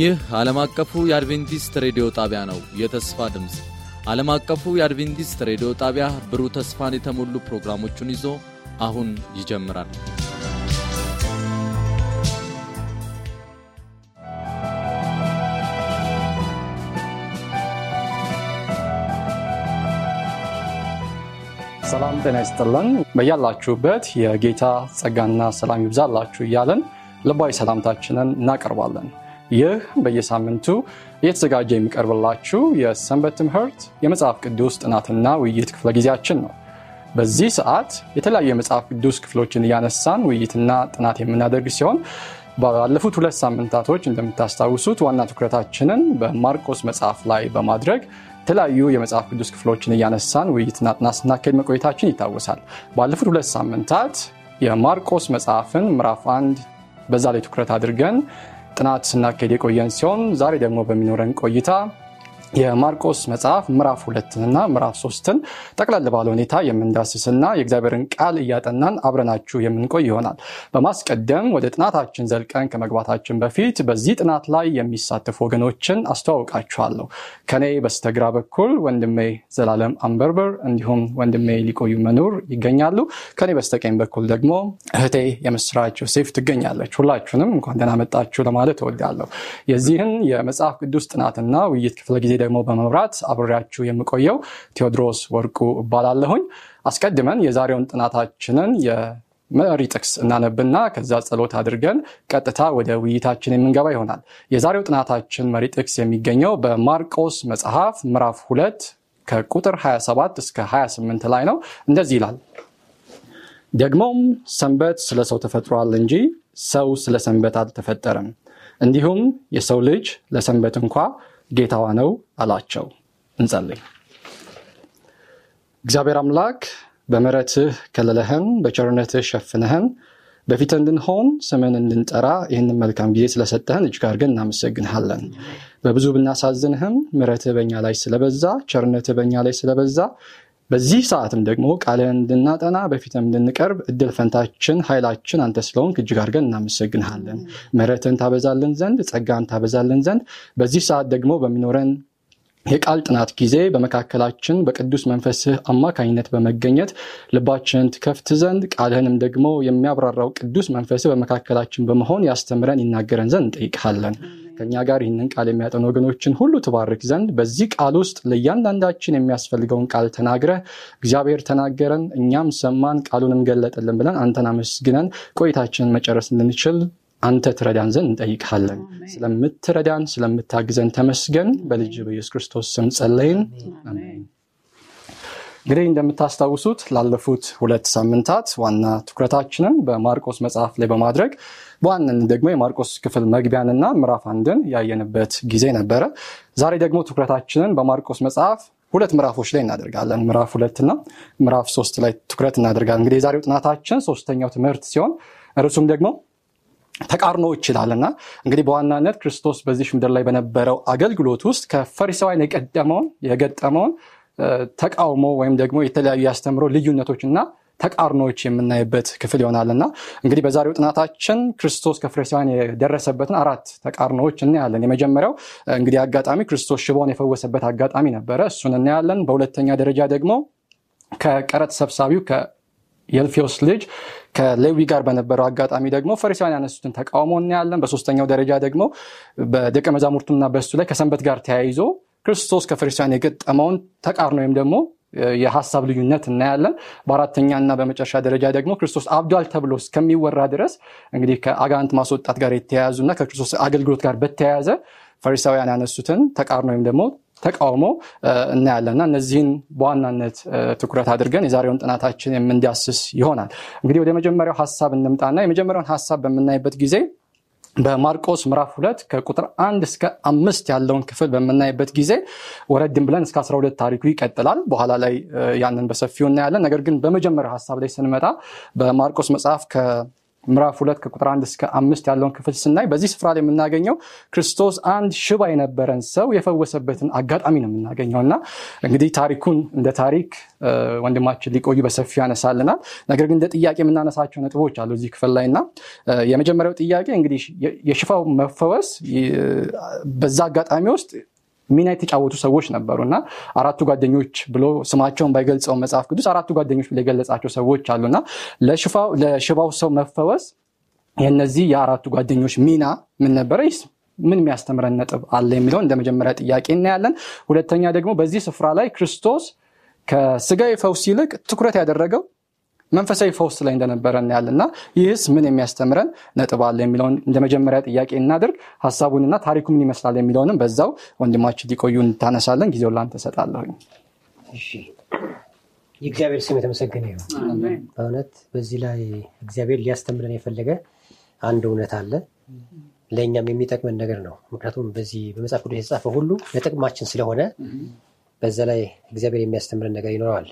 ይህ ዓለም አቀፉ የአድቬንቲስት ሬዲዮ ጣቢያ ነው። የተስፋ ድምፅ ዓለም አቀፉ የአድቬንቲስት ሬዲዮ ጣቢያ ብሩህ ተስፋን የተሞሉ ፕሮግራሞቹን ይዞ አሁን ይጀምራል። ሰላም ጤና ይስጥልን። በያላችሁበት የጌታ ጸጋና ሰላም ይብዛላችሁ እያለን ልባዊ ሰላምታችንን እናቀርባለን። ይህ በየሳምንቱ እየተዘጋጀ የሚቀርብላችሁ የሰንበት ትምህርት የመጽሐፍ ቅዱስ ጥናትና ውይይት ክፍለ ጊዜያችን ነው። በዚህ ሰዓት የተለያዩ የመጽሐፍ ቅዱስ ክፍሎችን እያነሳን ውይይትና ጥናት የምናደርግ ሲሆን ባለፉት ሁለት ሳምንታቶች እንደምታስታውሱት ዋና ትኩረታችንን በማርቆስ መጽሐፍ ላይ በማድረግ የተለያዩ የመጽሐፍ ቅዱስ ክፍሎችን እያነሳን ውይይትና ጥናት ስናካሄድ መቆየታችን ይታወሳል። ባለፉት ሁለት ሳምንታት የማርቆስ መጽሐፍን ምዕራፍ አንድ በዛ ላይ ትኩረት አድርገን ጥናት ስናካሄድ የቆየን ሲሆን ዛሬ ደግሞ በሚኖረን ቆይታ የማርቆስ መጽሐፍ ምዕራፍ ሁለትንና ምዕራፍ ሶስትን ጠቅላል ባለ ሁኔታ የምንዳስስና የእግዚአብሔርን ቃል እያጠናን አብረናችሁ የምንቆይ ይሆናል። በማስቀደም ወደ ጥናታችን ዘልቀን ከመግባታችን በፊት በዚህ ጥናት ላይ የሚሳተፉ ወገኖችን አስተዋውቃችኋለሁ። ከኔ በስተግራ በኩል ወንድሜ ዘላለም አንበርበር እንዲሁም ወንድሜ ሊቆዩ መኖር ይገኛሉ። ከኔ በስተቀኝ በኩል ደግሞ እህቴ የምስራቸው ሴፍ ትገኛለች። ሁላችሁንም እንኳን ደህና መጣችሁ ለማለት እወዳለሁ። የዚህን የመጽሐፍ ቅዱስ ጥናትና ውይይት ክፍለ ጊዜ ጊዜ ደግሞ በመምራት አብሬያችሁ የምቆየው ቴዎድሮስ ወርቁ እባላለሁኝ። አስቀድመን የዛሬውን ጥናታችንን መሪ ጥቅስ እናነብና ከዛ ጸሎት አድርገን ቀጥታ ወደ ውይይታችን የምንገባ ይሆናል። የዛሬው ጥናታችን መሪ ጥቅስ የሚገኘው በማርቆስ መጽሐፍ ምዕራፍ ሁለት ከቁጥር 27 እስከ 28 ላይ ነው። እንደዚህ ይላል፣ ደግሞም ሰንበት ስለ ሰው ተፈጥሯል እንጂ ሰው ስለ ሰንበት አልተፈጠረም። እንዲሁም የሰው ልጅ ለሰንበት እንኳ ጌታዋ ነው አላቸው። እንጸልይ። እግዚአብሔር አምላክ በምረትህ ከለለህን፣ በቸርነትህ ሸፍነህን፣ በፊት እንድንሆን ስምን እንድንጠራ ይህንን መልካም ጊዜ ስለሰጠህን እጅጋር ግን እናመሰግንሃለን። በብዙ ብናሳዝንህም ምረትህ በኛ ላይ ስለበዛ፣ ቸርነትህ በኛ ላይ ስለበዛ በዚህ ሰዓትም ደግሞ ቃልህን እንድናጠና በፊትም እንድንቀርብ እድል ፈንታችን ኃይላችን አንተ ስለሆንክ እጅግ አድርገን እናመሰግንሃለን። ምሕረትን ታበዛልን ዘንድ ጸጋን ታበዛልን ዘንድ በዚህ ሰዓት ደግሞ በሚኖረን የቃል ጥናት ጊዜ በመካከላችን በቅዱስ መንፈስህ አማካኝነት በመገኘት ልባችንን ትከፍት ዘንድ ቃልህንም ደግሞ የሚያብራራው ቅዱስ መንፈስህ በመካከላችን በመሆን ያስተምረን ይናገረን ዘንድ እንጠይቅሃለን። ከእኛ ጋር ይህንን ቃል የሚያጠኑ ወገኖችን ሁሉ ትባርክ ዘንድ በዚህ ቃል ውስጥ ለእያንዳንዳችን የሚያስፈልገውን ቃል ተናግረ እግዚአብሔር ተናገረን፣ እኛም ሰማን፣ ቃሉንም ገለጠልን ብለን አንተን አመስግነን ቆይታችንን መጨረስ እንድንችል አንተ ትረዳን ዘንድ እንጠይቃለን። ስለምትረዳን ስለምታግዘን ተመስገን። በልጅ በኢየሱስ ክርስቶስ ስም ጸለይን። እንግዲህ እንደምታስታውሱት ላለፉት ሁለት ሳምንታት ዋና ትኩረታችንን በማርቆስ መጽሐፍ ላይ በማድረግ በዋናነት ደግሞ የማርቆስ ክፍል መግቢያንና ምዕራፍ አንድን ያየንበት ጊዜ ነበረ። ዛሬ ደግሞ ትኩረታችንን በማርቆስ መጽሐፍ ሁለት ምዕራፎች ላይ እናደርጋለን። ምዕራፍ ሁለትና ምዕራፍ ሶስት ላይ ትኩረት እናደርጋለን። እንግዲህ የዛሬው ጥናታችን ሶስተኛው ትምህርት ሲሆን እርሱም ደግሞ ተቃርኖ ይችላል እና እንግዲህ በዋናነት ክርስቶስ በዚህ ምድር ላይ በነበረው አገልግሎት ውስጥ ከፈሪሳውያን የቀደመውን የገጠመውን ተቃውሞ ወይም ደግሞ የተለያዩ ያስተምሮ ልዩነቶች እና ተቃርኖዎች የምናይበት ክፍል ይሆናል እና እንግዲህ በዛሬው ጥናታችን ክርስቶስ ከፈሪሳውያን የደረሰበትን አራት ተቃርኖዎች እናያለን። የመጀመሪያው እንግዲህ አጋጣሚ ክርስቶስ ሽባውን የፈወሰበት አጋጣሚ ነበረ። እሱን እናያለን። በሁለተኛ ደረጃ ደግሞ ከቀረጥ ሰብሳቢው የልፌዎስ ልጅ ከሌዊ ጋር በነበረው አጋጣሚ ደግሞ ፈሪሳውያን ያነሱትን ተቃውሞ እናያለን። በሶስተኛው ደረጃ ደግሞ በደቀ መዛሙርቱና በእሱ ላይ ከሰንበት ጋር ተያይዞ ክርስቶስ ከፈሪሳውያን የገጠመውን ተቃርኖ ወይም ደግሞ የሀሳብ ልዩነት እናያለን። በአራተኛና በመጨረሻ ደረጃ ደግሞ ክርስቶስ አብዷል ተብሎ እስከሚወራ ድረስ እንግዲህ ከአጋንት ማስወጣት ጋር የተያያዙና ከክርስቶስ አገልግሎት ጋር በተያያዘ ፈሪሳውያን ያነሱትን ተቃርኖ ወይም ደግሞ ተቃውሞ እናያለንና እነዚህን በዋናነት ትኩረት አድርገን የዛሬውን ጥናታችን የምንዳስስ ይሆናል። እንግዲህ ወደ መጀመሪያው ሀሳብ እንምጣና የመጀመሪያውን ሀሳብ በምናይበት ጊዜ በማርቆስ ምዕራፍ ሁለት ከቁጥር አንድ እስከ አምስት ያለውን ክፍል በምናይበት ጊዜ ወረድን ብለን እስከ 12 ታሪኩ ይቀጥላል። በኋላ ላይ ያንን በሰፊው እናያለን። ነገር ግን በመጀመሪያ ሀሳብ ላይ ስንመጣ በማርቆስ መጽሐፍ ምዕራፍ ሁለት ከቁጥር አንድ እስከ አምስት ያለውን ክፍል ስናይ በዚህ ስፍራ ላይ የምናገኘው ክርስቶስ አንድ ሽባ የነበረን ሰው የፈወሰበትን አጋጣሚ ነው የምናገኘው እና እንግዲህ ታሪኩን እንደ ታሪክ ወንድማችን ሊቆዩ በሰፊው ያነሳልናል። ነገር ግን እንደ ጥያቄ የምናነሳቸው ነጥቦች አሉ እዚህ ክፍል ላይ እና የመጀመሪያው ጥያቄ እንግዲህ የሽፋው መፈወስ በዛ አጋጣሚ ውስጥ ሚና የተጫወቱ ሰዎች ነበሩ እና አራቱ ጓደኞች ብሎ ስማቸውን ባይገልጸው መጽሐፍ ቅዱስ አራቱ ጓደኞች ብሎ የገለጻቸው ሰዎች አሉና ለሽባው ሰው መፈወስ የነዚህ የአራቱ ጓደኞች ሚና ምን ነበረ? ምን የሚያስተምረን ነጥብ አለ የሚለውን እንደ መጀመሪያ ጥያቄ እናያለን። ሁለተኛ ደግሞ በዚህ ስፍራ ላይ ክርስቶስ ከስጋዊ ፈውስ ይልቅ ትኩረት ያደረገው መንፈሳዊ ፈውስ ላይ እንደነበረ እናያለን ይህስ ምን የሚያስተምረን ነጥብ አለ የሚለውን እንደመጀመሪያ ጥያቄ እናድርግ። ሀሳቡንና ታሪኩ ምን ይመስላል የሚለውንም በዛው ወንድማችን ሊቆዩ እንታነሳለን። ጊዜው ላን ተሰጣለሁኝ የእግዚአብሔር ስም የተመሰገነ ነው። በእውነት በዚህ ላይ እግዚአብሔር ሊያስተምረን የፈለገ አንድ እውነት አለ ለእኛም የሚጠቅመን ነገር ነው። ምክንያቱም በዚህ በመጽሐፍ ቅዱስ የተጻፈ ሁሉ ለጥቅማችን ስለሆነ በዛ ላይ እግዚአብሔር የሚያስተምረን ነገር ይኖረዋል።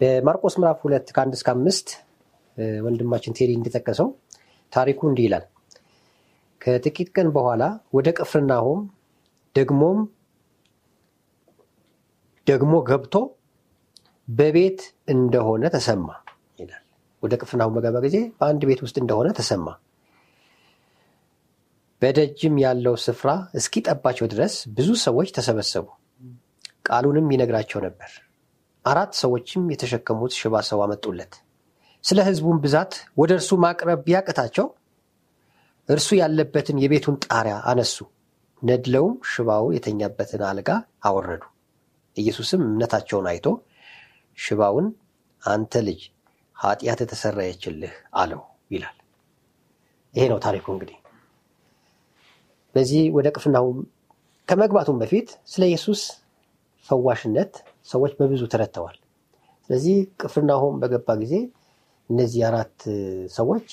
በማርቆስ ምዕራፍ ሁለት ከአንድ እስከ አምስት ወንድማችን ቴሪ እንደጠቀሰው ታሪኩ እንዲህ ይላል። ከጥቂት ቀን በኋላ ወደ ቅፍርናሆም ደግሞም ደግሞ ገብቶ በቤት እንደሆነ ተሰማ ይላል። ወደ ቅፍርናሆም በገባ ጊዜ በአንድ ቤት ውስጥ እንደሆነ ተሰማ። በደጅም ያለው ስፍራ እስኪጠባቸው ድረስ ብዙ ሰዎች ተሰበሰቡ። ቃሉንም ይነግራቸው ነበር። አራት ሰዎችም የተሸከሙት ሽባ ሰው አመጡለት። ስለ ሕዝቡም ብዛት ወደ እርሱ ማቅረብ ቢያቅታቸው እርሱ ያለበትን የቤቱን ጣሪያ አነሱ፣ ነድለውም ሽባው የተኛበትን አልጋ አወረዱ። ኢየሱስም እምነታቸውን አይቶ ሽባውን አንተ ልጅ ኃጢአት ተሰረየችልህ አለው ይላል። ይሄ ነው ታሪኩ። እንግዲህ በዚህ ወደ ቅፍናው ከመግባቱም በፊት ስለ ኢየሱስ ፈዋሽነት ሰዎች በብዙ ተረድተዋል። ስለዚህ ቅፍርናሆም በገባ ጊዜ እነዚህ አራት ሰዎች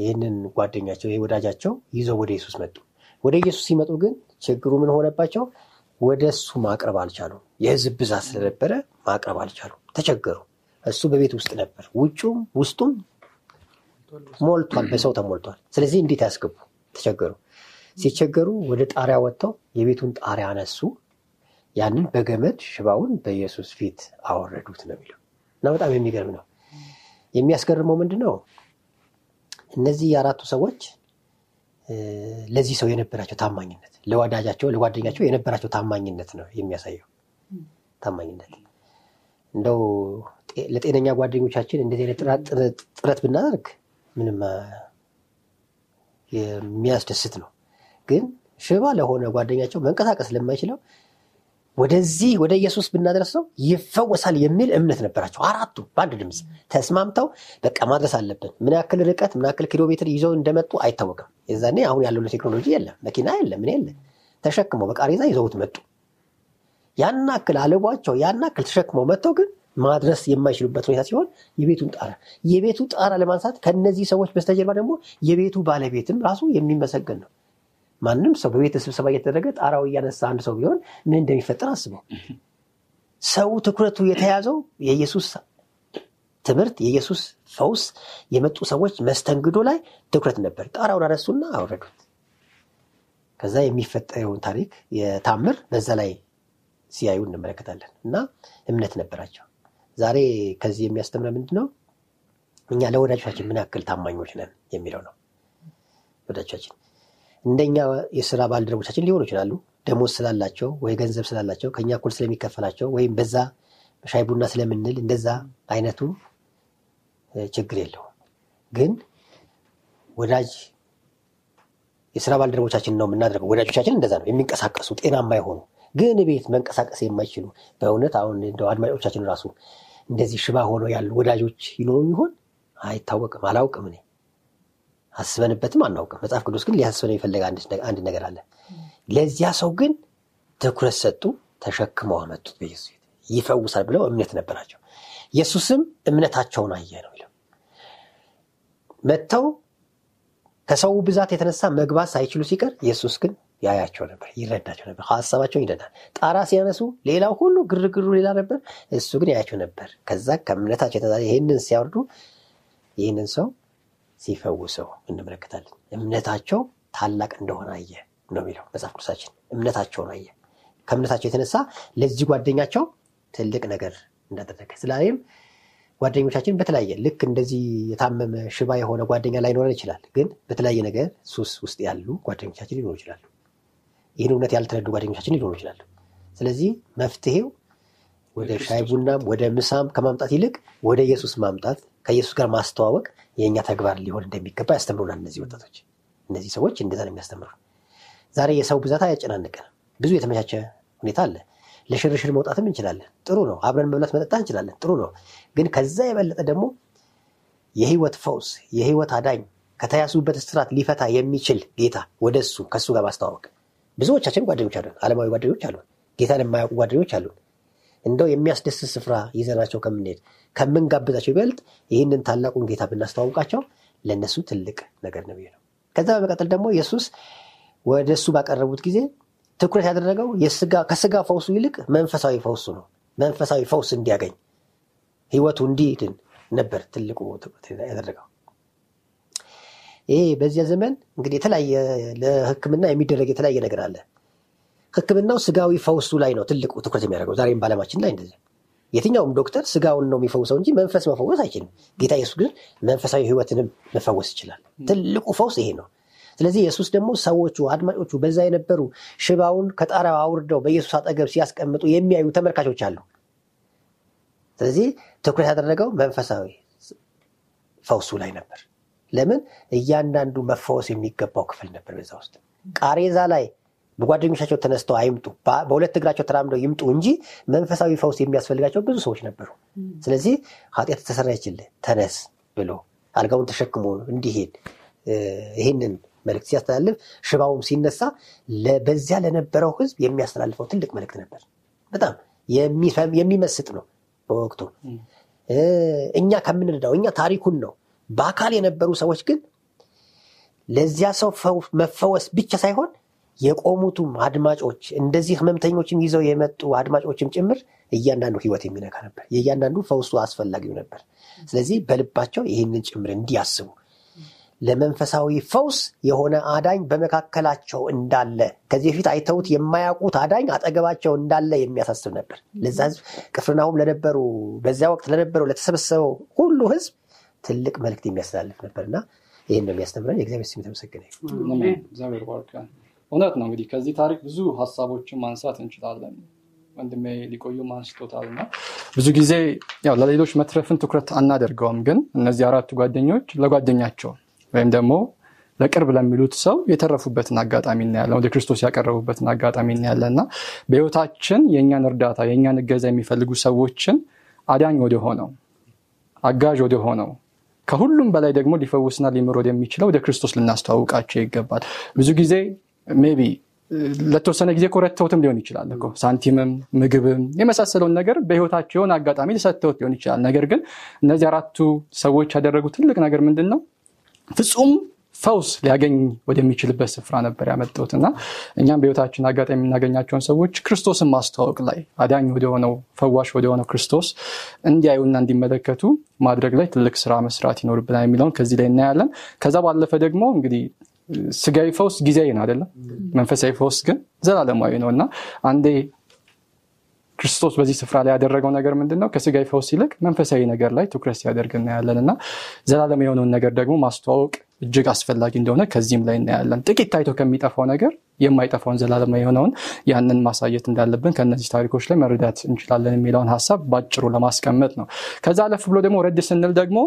ይህንን ጓደኛቸው ይህ ወዳጃቸው ይዘው ወደ ኢየሱስ መጡ። ወደ ኢየሱስ ሲመጡ ግን ችግሩ ምን ሆነባቸው? ወደ እሱ ማቅረብ አልቻሉም። የህዝብ ብዛት ስለነበረ ማቅረብ አልቻሉም፣ ተቸገሩ። እሱ በቤት ውስጥ ነበር፣ ውጩም ውስጡም ሞልቷል፣ በሰው ተሞልቷል። ስለዚህ እንዴት ያስገቡ? ተቸገሩ። ሲቸገሩ ወደ ጣሪያ ወጥተው የቤቱን ጣሪያ አነሱ። ያንን በገመድ ሽባውን በኢየሱስ ፊት አወረዱት ነው የሚለው እና በጣም የሚገርም ነው። የሚያስገርመው ምንድ ነው? እነዚህ የአራቱ ሰዎች ለዚህ ሰው የነበራቸው ታማኝነት፣ ለወዳጃቸው ለጓደኛቸው የነበራቸው ታማኝነት ነው የሚያሳየው። ታማኝነት እንደው ለጤነኛ ጓደኞቻችን እንደዚህ አይነት ጥረት ብናደርግ ምንም የሚያስደስት ነው። ግን ሽባ ለሆነ ጓደኛቸው መንቀሳቀስ ለማይችለው ወደዚህ ወደ ኢየሱስ ብናደርሰው ይፈወሳል የሚል እምነት ነበራቸው። አራቱ በአንድ ድምፅ ተስማምተው በቃ ማድረስ አለብን። ምን ያክል ርቀት ምን ያክል ኪሎ ሜትር ይዘው እንደመጡ አይታወቅም። የዛኔ አሁን ያለው ቴክኖሎጂ የለም፣ መኪና የለም፣ ምን የለ። ተሸክመው በቃሬዛ ይዘውት መጡ። ያን ያክል አልቧቸው ያን ያክል ተሸክመው መጥተው ግን ማድረስ የማይችሉበት ሁኔታ ሲሆን የቤቱን ጣራ የቤቱ ጣራ ለማንሳት ከነዚህ ሰዎች በስተጀርባ ደግሞ የቤቱ ባለቤትም ራሱ የሚመሰገን ነው። ማንም ሰው በቤተ ስብሰባ እየተደረገ ጣራው እያነሳ አንድ ሰው ቢሆን ምን እንደሚፈጠር አስበው። ሰው ትኩረቱ የተያዘው የኢየሱስ ትምህርት የኢየሱስ ፈውስ የመጡ ሰዎች መስተንግዶ ላይ ትኩረት ነበር። ጣራውን አነሱና አወረዱት። ከዛ የሚፈጠረውን ታሪክ የታምር በዛ ላይ ሲያዩ እንመለከታለን እና እምነት ነበራቸው። ዛሬ ከዚህ የሚያስተምረ ምንድን ነው? እኛ ለወዳጆቻችን ምን ያክል ታማኞች ነን የሚለው ነው። ወዳጆቻችን እንደኛ የስራ ባልደረቦቻችን ሊሆኑ ይችላሉ። ደሞዝ ስላላቸው ወይ ገንዘብ ስላላቸው ከኛ እኩል ስለሚከፈላቸው ወይም በዛ ሻይ ቡና ስለምንል እንደዛ አይነቱ ችግር የለውም። ግን ወዳጅ የስራ ባልደረቦቻችን ነው የምናደርገው። ወዳጆቻችን እንደዛ ነው የሚንቀሳቀሱ ጤናማ የሆኑ ግን ቤት መንቀሳቀስ የማይችሉ በእውነት አሁን እንደው አድማጮቻችን ራሱ እንደዚህ ሽባ ሆነው ያሉ ወዳጆች ይኖሩ ይሆን አይታወቅም፣ አላውቅም እኔ አስበንበትም አናውቅም። መጽሐፍ ቅዱስ ግን ሊያስበን የፈለገ አንድ ነገር አለ። ለዚያ ሰው ግን ትኩረት ሰጡ፣ ተሸክመው አመጡት፣ በኢየሱስ ይፈውሳል ብለው እምነት ነበራቸው። ኢየሱስም እምነታቸውን አየ ነው ይለው። መጥተው ከሰው ብዛት የተነሳ መግባት ሳይችሉ ሲቀር ኢየሱስ ግን ያያቸው ነበር፣ ይረዳቸው ነበር፣ ሀሳባቸውን ይረዳል። ጣራ ሲያነሱ ሌላው ሁሉ ግርግሩ ሌላ ነበር፣ እሱ ግን ያያቸው ነበር። ከዛ ከእምነታቸው ይህንን ሲያወርዱ ይህንን ሰው ሲፈውሰው እንመለከታለን። እምነታቸው ታላቅ እንደሆነ አየ ነው የሚለው መጽሐፍ ቅዱሳችን። እምነታቸውን አየ። ከእምነታቸው የተነሳ ለዚህ ጓደኛቸው ትልቅ ነገር እንዳደረገ ስለም ጓደኞቻችን በተለያየ ልክ እንደዚህ የታመመ ሽባ የሆነ ጓደኛ ላይኖረን ይችላል። ግን በተለያየ ነገር ሱስ ውስጥ ያሉ ጓደኞቻችን ሊኖሩ ይችላሉ። ይህን እውነት ያልተረዱ ጓደኞቻችን ሊኖሩ ይችላሉ። ስለዚህ መፍትሄው ወደ ሻይ ቡናም ወደ ምሳም ከማምጣት ይልቅ ወደ ኢየሱስ ማምጣት ከኢየሱስ ጋር ማስተዋወቅ የእኛ ተግባር ሊሆን እንደሚገባ ያስተምሩናል። እነዚህ ወጣቶች፣ እነዚህ ሰዎች እንደዛ ነው የሚያስተምሩ። ዛሬ የሰው ብዛት አያጨናንቀን። ብዙ የተመቻቸ ሁኔታ አለ። ለሽርሽር መውጣትም እንችላለን። ጥሩ ነው። አብረን መብላት መጠጣት እንችላለን። ጥሩ ነው። ግን ከዛ የበለጠ ደግሞ የህይወት ፈውስ የህይወት አዳኝ ከተያዙበት እስራት ሊፈታ የሚችል ጌታ ወደ እሱ ከእሱ ጋር ማስተዋወቅ ብዙዎቻችን ጓደኞች አሉን። አለማዊ ጓደኞች አሉን። ጌታን የማያውቁ ጓደኞች አሉን። እንደው የሚያስደስት ስፍራ ይዘናቸው ከምንሄድ ከምንጋብዛቸው ይበልጥ ይህንን ታላቁን ጌታ ብናስተዋውቃቸው ለእነሱ ትልቅ ነገር ነው ነው። ከዛ በመቀጠል ደግሞ ኢየሱስ ወደ እሱ ባቀረቡት ጊዜ ትኩረት ያደረገው ከስጋ ፈውሱ ይልቅ መንፈሳዊ ፈውሱ ነው። መንፈሳዊ ፈውስ እንዲያገኝ ህይወቱ እንዲድን ነበር ትልቁ ያደረገው። ይሄ በዚያ ዘመን እንግዲህ የተለያየ ለህክምና የሚደረግ የተለያየ ነገር አለ። ህክምናው ስጋዊ ፈውሱ ላይ ነው ትልቁ ትኩረት የሚያደርገው። ዛሬም በዓለማችን ላይ እንደዚህ የትኛውም ዶክተር ስጋውን ነው የሚፈውሰው እንጂ መንፈስ መፈወስ አይችልም። ጌታ ኢየሱስ ግን መንፈሳዊ ህይወትንም መፈወስ ይችላል። ትልቁ ፈውስ ይሄ ነው። ስለዚህ የሱስ ደግሞ ሰዎቹ፣ አድማጮቹ፣ በዛ የነበሩ ሽባውን ከጣራ አውርደው በኢየሱስ አጠገብ ሲያስቀምጡ የሚያዩ ተመልካቾች አሉ። ስለዚህ ትኩረት ያደረገው መንፈሳዊ ፈውሱ ላይ ነበር። ለምን? እያንዳንዱ መፈወስ የሚገባው ክፍል ነበር። በዛ ውስጥ ቃሬዛ ላይ በጓደኞቻቸው ተነስተው አይምጡ፣ በሁለት እግራቸው ተራምደው ይምጡ እንጂ መንፈሳዊ ፈውስ የሚያስፈልጋቸው ብዙ ሰዎች ነበሩ። ስለዚህ ኃጢአት ተሰራ ይችል ተነስ ብሎ አልጋውን ተሸክሞ እንዲሄድ ይህንን መልክት ሲያስተላልፍ ሽባውም ሲነሳ በዚያ ለነበረው ህዝብ የሚያስተላልፈው ትልቅ መልክት ነበር። በጣም የሚመስጥ ነው። በወቅቱ እኛ ከምንረዳው እኛ ታሪኩን ነው። በአካል የነበሩ ሰዎች ግን ለዚያ ሰው መፈወስ ብቻ ሳይሆን የቆሙትም አድማጮች እንደዚህ ህመምተኞችን ይዘው የመጡ አድማጮችም ጭምር እያንዳንዱ ህይወት የሚነካ ነበር። የእያንዳንዱ ፈውሱ አስፈላጊው ነበር። ስለዚህ በልባቸው ይህንን ጭምር እንዲያስቡ ለመንፈሳዊ ፈውስ የሆነ አዳኝ በመካከላቸው እንዳለ ከዚህ በፊት አይተውት የማያውቁት አዳኝ አጠገባቸው እንዳለ የሚያሳስብ ነበር። ለዛ ህዝብ ቅፍርናሁም ለነበሩ በዚያ ወቅት ለነበረው ለተሰበሰበው ሁሉ ህዝብ ትልቅ መልእክት የሚያስተላልፍ ነበርና ይህን ነው የሚያስተምረን። የእግዚአብሔር ስም የተመሰገነ እውነት ነው እንግዲህ ከዚህ ታሪክ ብዙ ሀሳቦችን ማንሳት እንችላለን። ወንድሜ ሊቆዩም ማንስቶታል እና ብዙ ጊዜ ያው ለሌሎች መትረፍን ትኩረት አናደርገውም፣ ግን እነዚህ አራቱ ጓደኞች ለጓደኛቸው ወይም ደግሞ ለቅርብ ለሚሉት ሰው የተረፉበትን አጋጣሚ እናያለን። ወደ ክርስቶስ ያቀረቡበትን አጋጣሚ እናያለ እና በህይወታችን የእኛን እርዳታ የእኛን እገዛ የሚፈልጉ ሰዎችን አዳኝ ወደ ሆነው አጋዥ ወደ ሆነው ከሁሉም በላይ ደግሞ ሊፈውስና ሊምር ወደሚችለው ወደ ክርስቶስ ልናስተዋውቃቸው ይገባል ብዙ ጊዜ ቢ ለተወሰነ ጊዜ ኮረተውትም ሊሆን ይችላል ሳንቲምም ምግብም የመሳሰለውን ነገር በህይወታቸው አጋጣሚ ሰተውት ሊሆን ይችላል። ነገር ግን እነዚህ አራቱ ሰዎች ያደረጉት ትልቅ ነገር ምንድን ነው? ፍጹም ፈውስ ሊያገኝ ወደሚችልበት ስፍራ ነበር ያመጡት እና እኛም በህይወታችን አጋጣሚ የምናገኛቸውን ሰዎች ክርስቶስን ማስተዋወቅ ላይ አዳኝ ወደሆነው ፈዋሽ ወደሆነው ክርስቶስ እንዲያዩና እንዲመለከቱ ማድረግ ላይ ትልቅ ስራ መስራት ይኖርብናል የሚለውን ከዚህ ላይ እናያለን። ከዛ ባለፈ ደግሞ እንግዲህ ስጋዊ ፈውስ ጊዜያዊ ነው አይደለም። መንፈሳዊ ፈውስ ግን ዘላለማዊ ነው እና አንዴ ክርስቶስ በዚህ ስፍራ ላይ ያደረገው ነገር ምንድን ነው? ከስጋዊ ፈውስ ይልቅ መንፈሳዊ ነገር ላይ ትኩረት ሲያደርግ እናያለን እና ዘላለም የሆነውን ነገር ደግሞ ማስተዋወቅ እጅግ አስፈላጊ እንደሆነ ከዚህም ላይ እናያለን። ጥቂት ታይቶ ከሚጠፋው ነገር የማይጠፋውን ዘላለማ የሆነውን ያንን ማሳየት እንዳለብን ከነዚህ ታሪኮች ላይ መረዳት እንችላለን የሚለውን ሀሳብ ባጭሩ ለማስቀመጥ ነው። ከዛ አለፍ ብሎ ደግሞ ረድ ስንል ደግሞ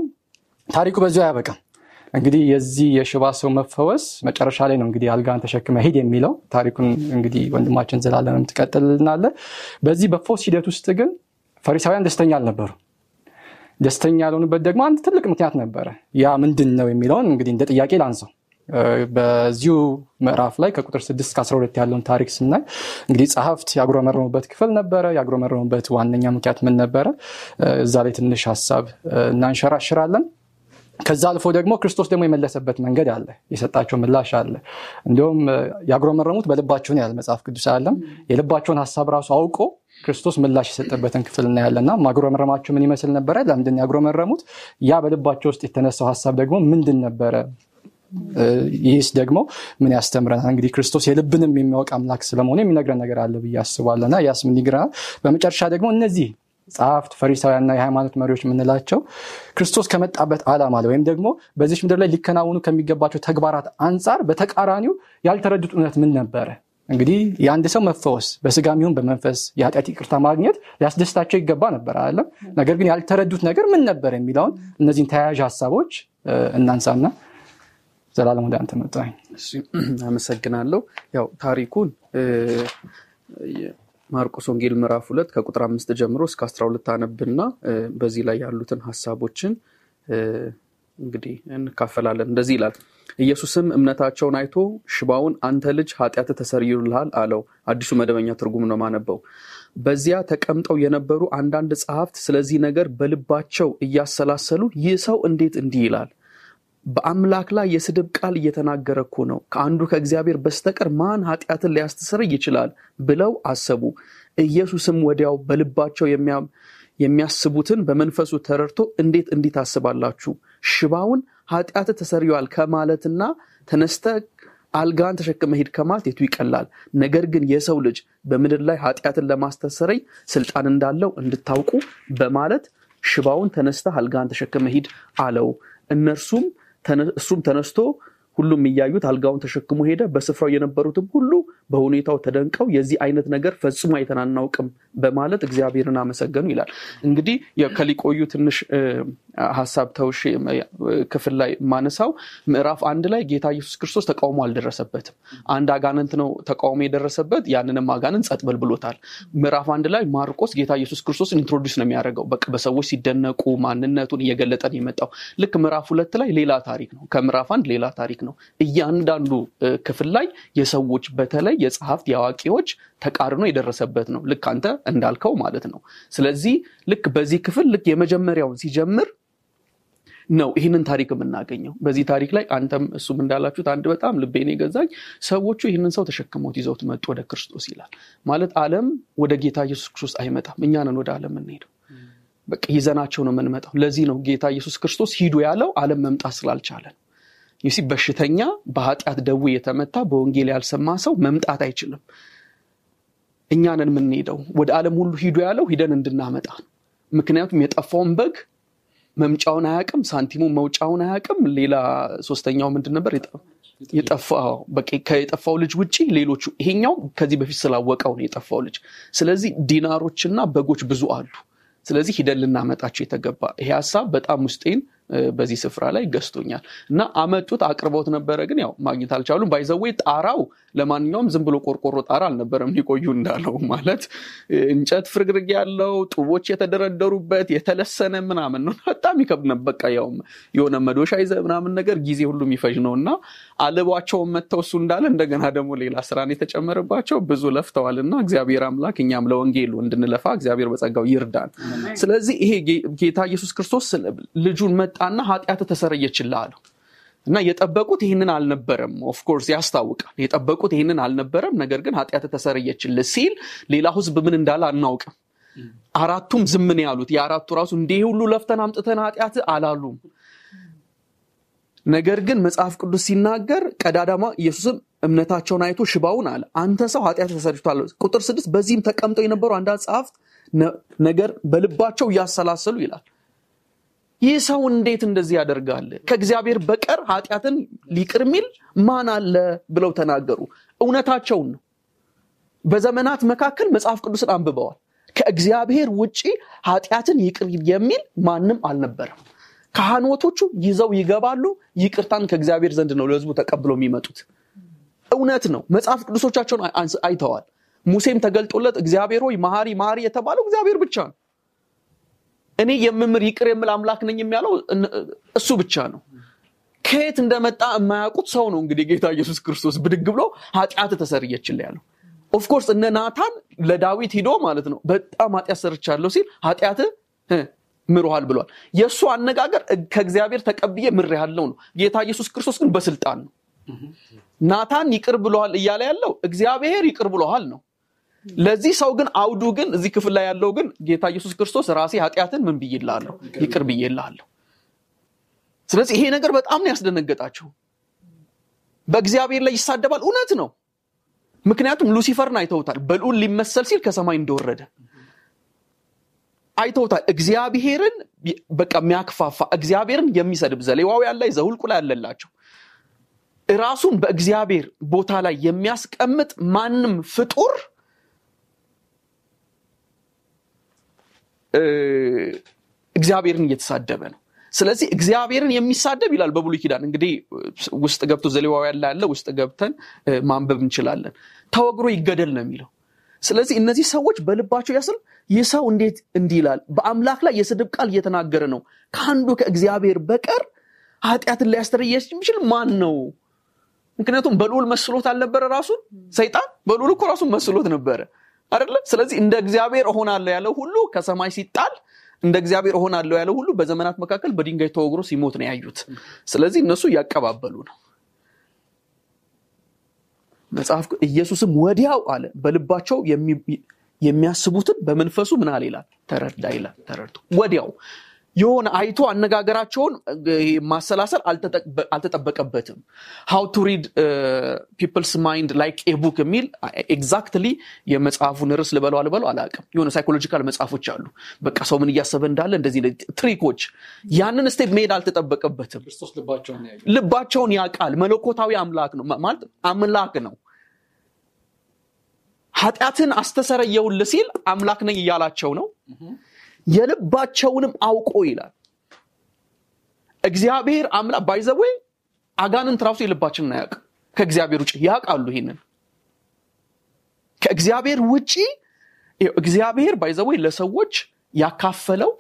ታሪኩ በዚ አያበቃም። እንግዲህ የዚህ የሽባ ሰው መፈወስ መጨረሻ ላይ ነው እንግዲህ አልጋን ተሸክመ ሄድ የሚለው ታሪኩን እንግዲህ ወንድማችን ዘላለምም ትቀጥልናለ በዚህ በፎስ ሂደት ውስጥ ግን ፈሪሳውያን ደስተኛ አልነበሩ። ደስተኛ ያልሆኑበት ደግሞ አንድ ትልቅ ምክንያት ነበረ። ያ ምንድን ነው የሚለውን እንግዲህ እንደ ጥያቄ ላንሰው። በዚሁ ምዕራፍ ላይ ከቁጥር 6 እስከ 12 ያለውን ታሪክ ስናይ እንግዲህ ጸሐፍት ያጉረመረሙበት ክፍል ነበረ። ያጉረመረሙበት ዋነኛ ምክንያት ምን ነበረ? እዛ ላይ ትንሽ ሀሳብ እናንሸራሽራለን። ከዛ አልፎ ደግሞ ክርስቶስ ደግሞ የመለሰበት መንገድ አለ፣ የሰጣቸው ምላሽ አለ። እንዲሁም ያጉረመረሙት በልባቸውን ያል መጽሐፍ ቅዱስ አለም የልባቸውን ሀሳብ ራሱ አውቆ ክርስቶስ ምላሽ የሰጠበትን ክፍል እና ማጉረመረማቸው ምን ይመስል ነበረ? ለምድን ያጉረመረሙት? ያ በልባቸው ውስጥ የተነሳው ሀሳብ ደግሞ ምንድን ነበረ? ይህስ ደግሞ ምን ያስተምረናል? እንግዲህ ክርስቶስ የልብንም የሚያወቅ አምላክ ስለመሆኑ የሚነግረን ነገር አለ ብዬ አስባለና ያስ ምን ይግረናል? በመጨረሻ ደግሞ እነዚህ ጸሐፍት፣ ፈሪሳውያንና የሃይማኖት መሪዎች የምንላቸው ክርስቶስ ከመጣበት ዓላማ ላይ ወይም ደግሞ በዚች ምድር ላይ ሊከናወኑ ከሚገባቸው ተግባራት አንጻር በተቃራኒው ያልተረዱት እውነት ምን ነበረ? እንግዲህ የአንድ ሰው መፈወስ በስጋ ሚሆን በመንፈስ የኃጢአት ይቅርታ ማግኘት ሊያስደስታቸው ይገባ ነበር አለም። ነገር ግን ያልተረዱት ነገር ምን ነበር የሚለውን እነዚህን ተያያዥ ሀሳቦች እናንሳና ዘላለም ወደ አንተ መጣ አመሰግናለሁ። ያው ታሪኩን ማርቆስ ወንጌል ምዕራፍ ሁለት ከቁጥር አምስት ጀምሮ እስከ አስራ ሁለት አነብና በዚህ ላይ ያሉትን ሀሳቦችን እንግዲህ እንካፈላለን። እንደዚህ ይላል። ኢየሱስም እምነታቸውን አይቶ ሽባውን አንተ ልጅ ኃጢአት ተሰርዩልሃል አለው። አዲሱ መደበኛ ትርጉም ነው ማነበው። በዚያ ተቀምጠው የነበሩ አንዳንድ ጸሐፍት ስለዚህ ነገር በልባቸው እያሰላሰሉ ይህ ሰው እንዴት እንዲህ ይላል በአምላክ ላይ የስድብ ቃል እየተናገረ እኮ ነው፣ ከአንዱ ከእግዚአብሔር በስተቀር ማን ኃጢአትን ሊያስተሰርይ ይችላል ብለው አሰቡ። ኢየሱስም ወዲያው በልባቸው የሚያስቡትን በመንፈሱ ተረድቶ እንዴት እንዲህ ታስባላችሁ? ሽባውን ኃጢአት ተሰርየዋል ከማለትና ተነስተ አልጋን ተሸክመ ሂድ ከማለት የቱ ይቀላል? ነገር ግን የሰው ልጅ በምድር ላይ ኃጢአትን ለማስተሰረይ ስልጣን እንዳለው እንድታውቁ በማለት ሽባውን ተነስተ አልጋን ተሸክመ ሂድ አለው። እነርሱም እሱም ተነስቶ ሁሉም እያዩት አልጋውን ተሸክሞ ሄደ። በስፍራው የነበሩትም ሁሉ በሁኔታው ተደንቀው የዚህ አይነት ነገር ፈጽሞ አይተን አናውቅም በማለት እግዚአብሔርን አመሰገኑ ይላል። እንግዲህ ከሊቆዩ ትንሽ ሀሳብ ተውሽ ክፍል ላይ ማነሳው ምዕራፍ አንድ ላይ ጌታ ኢየሱስ ክርስቶስ ተቃውሞ አልደረሰበትም። አንድ አጋንንት ነው ተቃውሞ የደረሰበት። ያንንም አጋንንት ጸጥ በል ብሎታል። ምዕራፍ አንድ ላይ ማርቆስ ጌታ ኢየሱስ ክርስቶስን ኢንትሮዲስ ነው የሚያደርገው። በሰዎች ሲደነቁ ማንነቱን እየገለጠን የመጣው ልክ ምዕራፍ ሁለት ላይ ሌላ ታሪክ ነው። ከምዕራፍ አንድ ሌላ ታሪክ ነው። እያንዳንዱ ክፍል ላይ የሰዎች በተለይ ላይ የጸሐፍት የአዋቂዎች ተቃርኖ የደረሰበት ነው። ልክ አንተ እንዳልከው ማለት ነው። ስለዚህ ልክ በዚህ ክፍል ልክ የመጀመሪያውን ሲጀምር ነው ይህንን ታሪክ የምናገኘው። በዚህ ታሪክ ላይ አንተም እሱም እንዳላችሁት አንድ በጣም ልቤን የገዛኝ ሰዎቹ ይህንን ሰው ተሸክመውት ይዘውት መጡ ወደ ክርስቶስ ይላል። ማለት አለም ወደ ጌታ ኢየሱስ ክርስቶስ አይመጣም፣ እኛንን ወደ አለም እንሄደው በቃ ይዘናቸው ነው የምንመጣው። ለዚህ ነው ጌታ ኢየሱስ ክርስቶስ ሂዱ ያለው አለም መምጣት ስላልቻለን ዩሲ በሽተኛ በኃጢአት ደዌ የተመታ በወንጌል ያልሰማ ሰው መምጣት አይችልም። እኛንን የምንሄደው ወደ ዓለም ሁሉ ሂዱ ያለው ሂደን እንድናመጣ ነው። ምክንያቱም የጠፋውን በግ መምጫውን አያቅም ሳንቲሙ መውጫውን አያቅም ሌላ ሶስተኛው ምንድን ነበር? የጠፋው ልጅ ውጭ ሌሎቹ ይሄኛው ከዚህ በፊት ስላወቀው ነው የጠፋው ልጅ። ስለዚህ ዲናሮችና በጎች ብዙ አሉ። ስለዚህ ሂደን ልናመጣቸው የተገባ ይሄ ሀሳብ በጣም ውስጤን በዚህ ስፍራ ላይ ገዝቶኛል እና አመጡት አቅርቦት ነበረ፣ ግን ያው ማግኘት አልቻሉም። ባይዘዌ ጣራው ለማንኛውም ዝም ብሎ ቆርቆሮ ጣራ አልነበረም። ሊቆዩ እንዳለው ማለት እንጨት ፍርግርግ ያለው ጡቦች የተደረደሩበት የተለሰነ ምናምን ነው። በጣም ይከብድ በቃ የሆነ መዶሻ ይዘ ምናምን ነገር ጊዜ ሁሉ የሚፈጅ ነው እና አልቧቸውን መጥተው እሱ እንዳለ እንደገና ደግሞ ሌላ ስራን የተጨመረባቸው ብዙ ለፍተዋል እና እግዚአብሔር አምላክ እኛም ለወንጌሉ እንድንለፋ እግዚአብሔር በጸጋው ይርዳን። ስለዚህ ይሄ ጌታ ኢየሱስ ክርስቶስ ልጁን መ መጣና ኃጢአት ተሰረየችላ አለው እና የጠበቁት ይህንን አልነበረም። ኦፍኮርስ ያስታውቃል። የጠበቁት ይህንን አልነበረም። ነገር ግን ኃጢአት ተሰረየችል ሲል ሌላ ህዝብ ምን እንዳለ አናውቅም። አራቱም ዝምን ያሉት። የአራቱ ራሱ እንዲህ ሁሉ ለፍተን አምጥተን ኃጢአት አላሉም። ነገር ግን መጽሐፍ ቅዱስ ሲናገር ቀዳዳማ ኢየሱስም እምነታቸውን አይቶ ሽባውን አለ፣ አንተ ሰው ኃጢአት ተሰርጅቷል። ቁጥር ስድስት በዚህም ተቀምጠው የነበሩ አንዳንድ ጸሐፍት ነገር በልባቸው እያሰላሰሉ ይላል ይህ ሰው እንዴት እንደዚህ ያደርጋል? ከእግዚአብሔር በቀር ኃጢአትን ሊቅር የሚል ማን አለ ብለው ተናገሩ። እውነታቸውን ነው። በዘመናት መካከል መጽሐፍ ቅዱስን አንብበዋል። ከእግዚአብሔር ውጪ ኃጢአትን ይቅር የሚል ማንም አልነበረም። ካህኖቶቹ ይዘው ይገባሉ። ይቅርታን ከእግዚአብሔር ዘንድ ነው ለህዝቡ ተቀብለው የሚመጡት። እውነት ነው። መጽሐፍ ቅዱሶቻቸውን አይተዋል። ሙሴም ተገልጦለት እግዚአብሔር ሆይ ማሪ ማሪ የተባለው እግዚአብሔር ብቻ ነው። እኔ የምምር ይቅር የምል አምላክ ነኝ የሚያለው እሱ ብቻ ነው። ከየት እንደመጣ የማያውቁት ሰው ነው እንግዲህ ጌታ ኢየሱስ ክርስቶስ ብድግ ብሎ ኃጢአት ተሰርየችል ያለው። ኦፍኮርስ እነ ናታን ለዳዊት ሂዶ ማለት ነው በጣም ኃጢአት ሰርቻለሁ ሲል ኃጢአት ምሮሃል ብሏል። የእሱ አነጋገር ከእግዚአብሔር ተቀብዬ ምር ያለው ነው። ጌታ ኢየሱስ ክርስቶስ ግን በስልጣን ነው። ናታን ይቅር ብሎሃል እያለ ያለው እግዚአብሔር ይቅር ብሎሃል ነው። ለዚህ ሰው ግን አውዱ ግን እዚህ ክፍል ላይ ያለው ግን ጌታ ኢየሱስ ክርስቶስ ራሴ ኃጢአትን ምን ብዬላለሁ? ይቅር ብዬላለሁ። ስለዚህ ይሄ ነገር በጣም ነው ያስደነገጣቸው። በእግዚአብሔር ላይ ይሳደባል፣ እውነት ነው። ምክንያቱም ሉሲፈርን አይተውታል፣ በልዑል ሊመሰል ሲል ከሰማይ እንደወረደ አይተውታል። እግዚአብሔርን በቃ የሚያክፋፋ እግዚአብሔርን የሚሰድብ ዘሌዋውያን ላይ ዘውልቁ ላይ ያለላቸው ራሱን በእግዚአብሔር ቦታ ላይ የሚያስቀምጥ ማንም ፍጡር እግዚአብሔርን እየተሳደበ ነው። ስለዚህ እግዚአብሔርን የሚሳደብ ይላል በብሉይ ኪዳን። እንግዲህ ውስጥ ገብቶ ዘሌዋውያን ያለ ያለ ውስጥ ገብተን ማንበብ እንችላለን። ተወግሮ ይገደል ነው የሚለው። ስለዚህ እነዚህ ሰዎች በልባቸው ያስል ይህ ሰው እንዴት እንዲህ ይላል? በአምላክ ላይ የስድብ ቃል እየተናገረ ነው። ከአንዱ ከእግዚአብሔር በቀር ኃጢአትን ሊያስተሰርይ የሚችል ማን ነው? ምክንያቱም በልዑል መስሎት አልነበረ ራሱን ሰይጣን በልዑል እኮ ራሱን መስሎት ነበረ። አይደለም? ስለዚህ እንደ እግዚአብሔር እሆናለሁ ያለው ሁሉ ከሰማይ ሲጣል እንደ እግዚአብሔር እሆናለሁ ያለው ሁሉ በዘመናት መካከል በድንጋይ ተወግሮ ሲሞት ነው ያዩት። ስለዚህ እነሱ እያቀባበሉ ነው። መጽሐፍ ኢየሱስም ወዲያው አለ በልባቸው የሚያስቡትን በመንፈሱ ምናል ይላል፣ ተረዳ ይላል። ተረድቶ ወዲያው የሆነ አይቶ አነጋገራቸውን ማሰላሰል አልተጠበቀበትም። ሃው ቱ ሪድ ፒፕልስ ማይንድ ላይክ ኤቡክ የሚል ኤግዛክትሊ የመጽሐፉን ርዕስ ልበለው አልበለው አላቅም የሆነ ሳይኮሎጂካል መጽሐፎች አሉ። በቃ ሰው ምን እያሰበ እንዳለ እንደዚህ ትሪኮች፣ ያንን ስቴፕ መሄድ አልተጠበቀበትም። ልባቸውን ያውቃል። መለኮታዊ አምላክ ነው ማለት አምላክ ነው። ኃጢአትን አስተሰረየውል ሲል አምላክ ነኝ እያላቸው ነው የልባቸውንም አውቆ ይላል እግዚአብሔር አምላ ባይዘዌ አጋንንት ራሱ የልባችንን አያቅ ከእግዚአብሔር ውጭ ያውቃሉ ይህንን ከእግዚአብሔር ውጪ እግዚአብሔር ባይዘዌ ለሰዎች ያካፈለው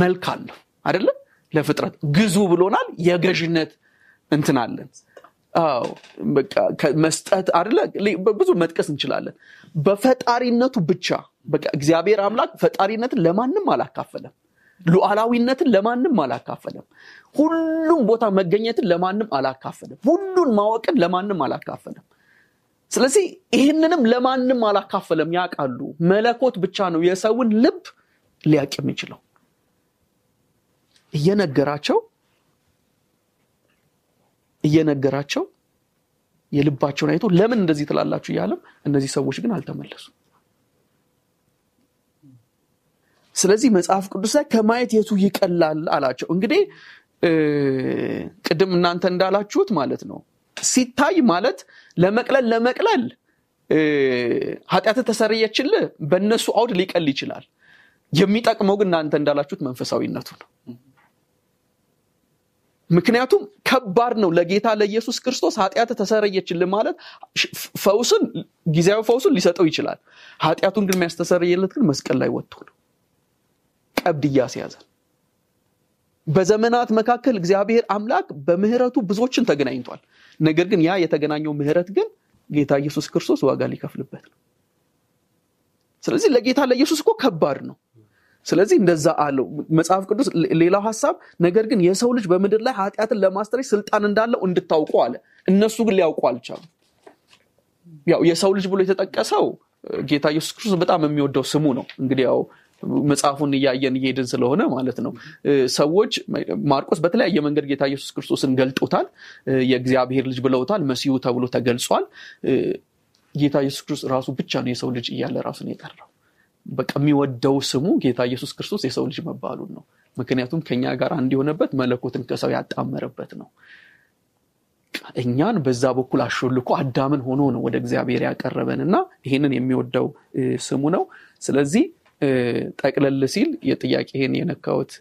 መልክ አለው አይደለም ለፍጥረት ግዙ ብሎናል የገዥነት እንትናለን መስጠት አደለ ብዙ መጥቀስ እንችላለን። በፈጣሪነቱ ብቻ በቃ እግዚአብሔር አምላክ ፈጣሪነትን ለማንም አላካፈለም። ሉዓላዊነትን ለማንም አላካፈለም። ሁሉም ቦታ መገኘትን ለማንም አላካፈለም። ሁሉን ማወቅን ለማንም አላካፈለም። ስለዚህ ይህንንም ለማንም አላካፈለም። ያውቃሉ መለኮት ብቻ ነው የሰውን ልብ ሊያቅ የሚችለው እየነገራቸው እየነገራቸው የልባቸውን አይቶ ለምን እንደዚህ ትላላችሁ እያለም እነዚህ ሰዎች ግን አልተመለሱም። ስለዚህ መጽሐፍ ቅዱስ ላይ ከማየት የቱ ይቀላል አላቸው። እንግዲህ ቅድም እናንተ እንዳላችሁት ማለት ነው ሲታይ ማለት ለመቅለል ለመቅለል ኃጢአት ተሰርየችል በእነሱ አውድ ሊቀል ይችላል። የሚጠቅመው ግን እናንተ እንዳላችሁት መንፈሳዊነቱ ነው። ምክንያቱም ከባድ ነው። ለጌታ ለኢየሱስ ክርስቶስ ኃጢአት ተሰረየችልን ማለት ፈውስን ጊዜያዊ ፈውስን ሊሰጠው ይችላል። ኃጢአቱን ግን የሚያስተሰረየለት ግን መስቀል ላይ ወጥቶ ነው። ቀብድ እያስያዘን በዘመናት መካከል እግዚአብሔር አምላክ በምህረቱ ብዙዎችን ተገናኝቷል። ነገር ግን ያ የተገናኘው ምህረት ግን ጌታ ኢየሱስ ክርስቶስ ዋጋ ሊከፍልበት ነው። ስለዚህ ለጌታ ለኢየሱስ እኮ ከባድ ነው። ስለዚህ እንደዛ አለው መጽሐፍ ቅዱስ። ሌላው ሀሳብ ነገር ግን የሰው ልጅ በምድር ላይ ኃጢአትን ለማስተረሽ ስልጣን እንዳለው እንድታውቁ አለ። እነሱ ግን ሊያውቁ አልቻሉ ያው የሰው ልጅ ብሎ የተጠቀሰው ጌታ ኢየሱስ ክርስቶስ በጣም የሚወደው ስሙ ነው። እንግዲህ ያው መጽሐፉን እያየን እየሄድን ስለሆነ ማለት ነው። ሰዎች ማርቆስ በተለያየ መንገድ ጌታ ኢየሱስ ክርስቶስን ገልጦታል። የእግዚአብሔር ልጅ ብለውታል። መሲሁ ተብሎ ተገልጿል። ጌታ ኢየሱስ ክርስቶስ ራሱ ብቻ ነው የሰው ልጅ እያለ ራሱን የጠራው በቃ የሚወደው ስሙ ጌታ ኢየሱስ ክርስቶስ የሰው ልጅ መባሉን ነው። ምክንያቱም ከኛ ጋር አንድ የሆነበት መለኮትን ከሰው ያጣመረበት ነው። እኛን በዛ በኩል አሾልኮ አዳምን ሆኖ ነው ወደ እግዚአብሔር ያቀረበን እና ይህንን የሚወደው ስሙ ነው። ስለዚህ ጠቅለል ሲል የጥያቄህን የነካውት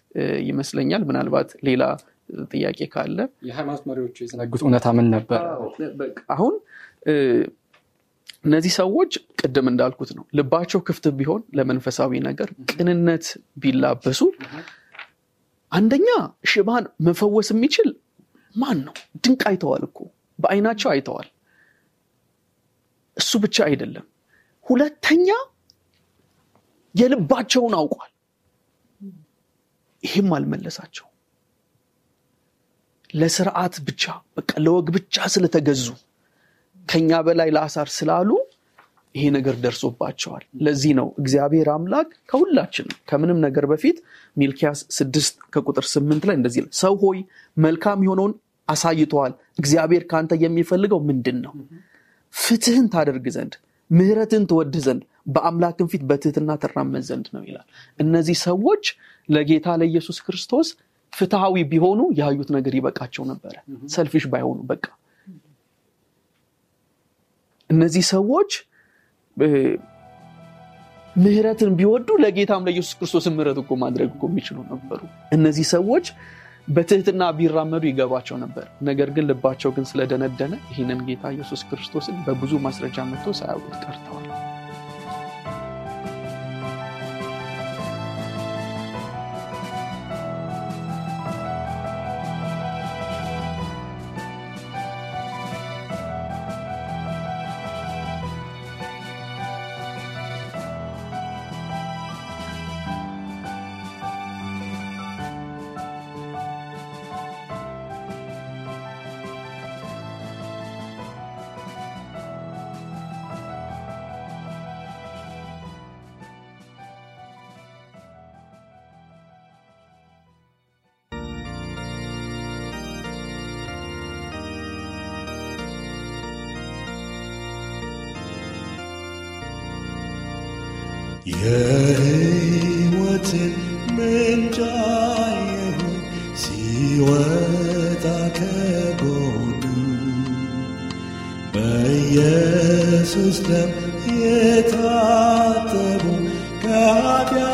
ይመስለኛል። ምናልባት ሌላ ጥያቄ ካለ የሃይማኖት መሪዎች የዘነጉት እውነታ ምን ነበር? አሁን እነዚህ ሰዎች ቅድም እንዳልኩት ነው፣ ልባቸው ክፍት ቢሆን ለመንፈሳዊ ነገር ቅንነት ቢላበሱ፣ አንደኛ ሽባን መፈወስ የሚችል ማን ነው? ድንቅ አይተዋል እኮ በአይናቸው አይተዋል። እሱ ብቻ አይደለም፣ ሁለተኛ የልባቸውን አውቋል። ይህም አልመለሳቸው ለስርዓት ብቻ በቃ ለወግ ብቻ ስለተገዙ ከኛ በላይ ለአሳር ስላሉ ይሄ ነገር ደርሶባቸዋል። ለዚህ ነው እግዚአብሔር አምላክ ከሁላችንም ከምንም ነገር በፊት ሚልኪያስ ስድስት ከቁጥር ስምንት ላይ እንደዚህ ሰው ሆይ መልካም የሆነውን አሳይተዋል። እግዚአብሔር ከአንተ የሚፈልገው ምንድን ነው? ፍትህን ታደርግ ዘንድ ምህረትን ትወድ ዘንድ በአምላክን ፊት በትህትና ትራመድ ዘንድ ነው ይላል። እነዚህ ሰዎች ለጌታ ለኢየሱስ ክርስቶስ ፍትሐዊ ቢሆኑ ያዩት ነገር ይበቃቸው ነበረ። ሰልፊሽ ባይሆኑ በቃ እነዚህ ሰዎች ምህረትን ቢወዱ ለጌታም ለኢየሱስ ክርስቶስ ምህረት እኮ ማድረግ እኮ የሚችሉ ነበሩ። እነዚህ ሰዎች በትህትና ቢራመዱ ይገባቸው ነበር። ነገር ግን ልባቸው ግን ስለደነደነ ይህንን ጌታ ኢየሱስ ክርስቶስን በብዙ ማስረጃ መጥቶ ሳያውቁት ቀርተዋል። የሕይወትን ምንጫ የሆን ሲወጣ ከጎኑ በኢየሱስ ደም የታጠቡ ከኃጢአት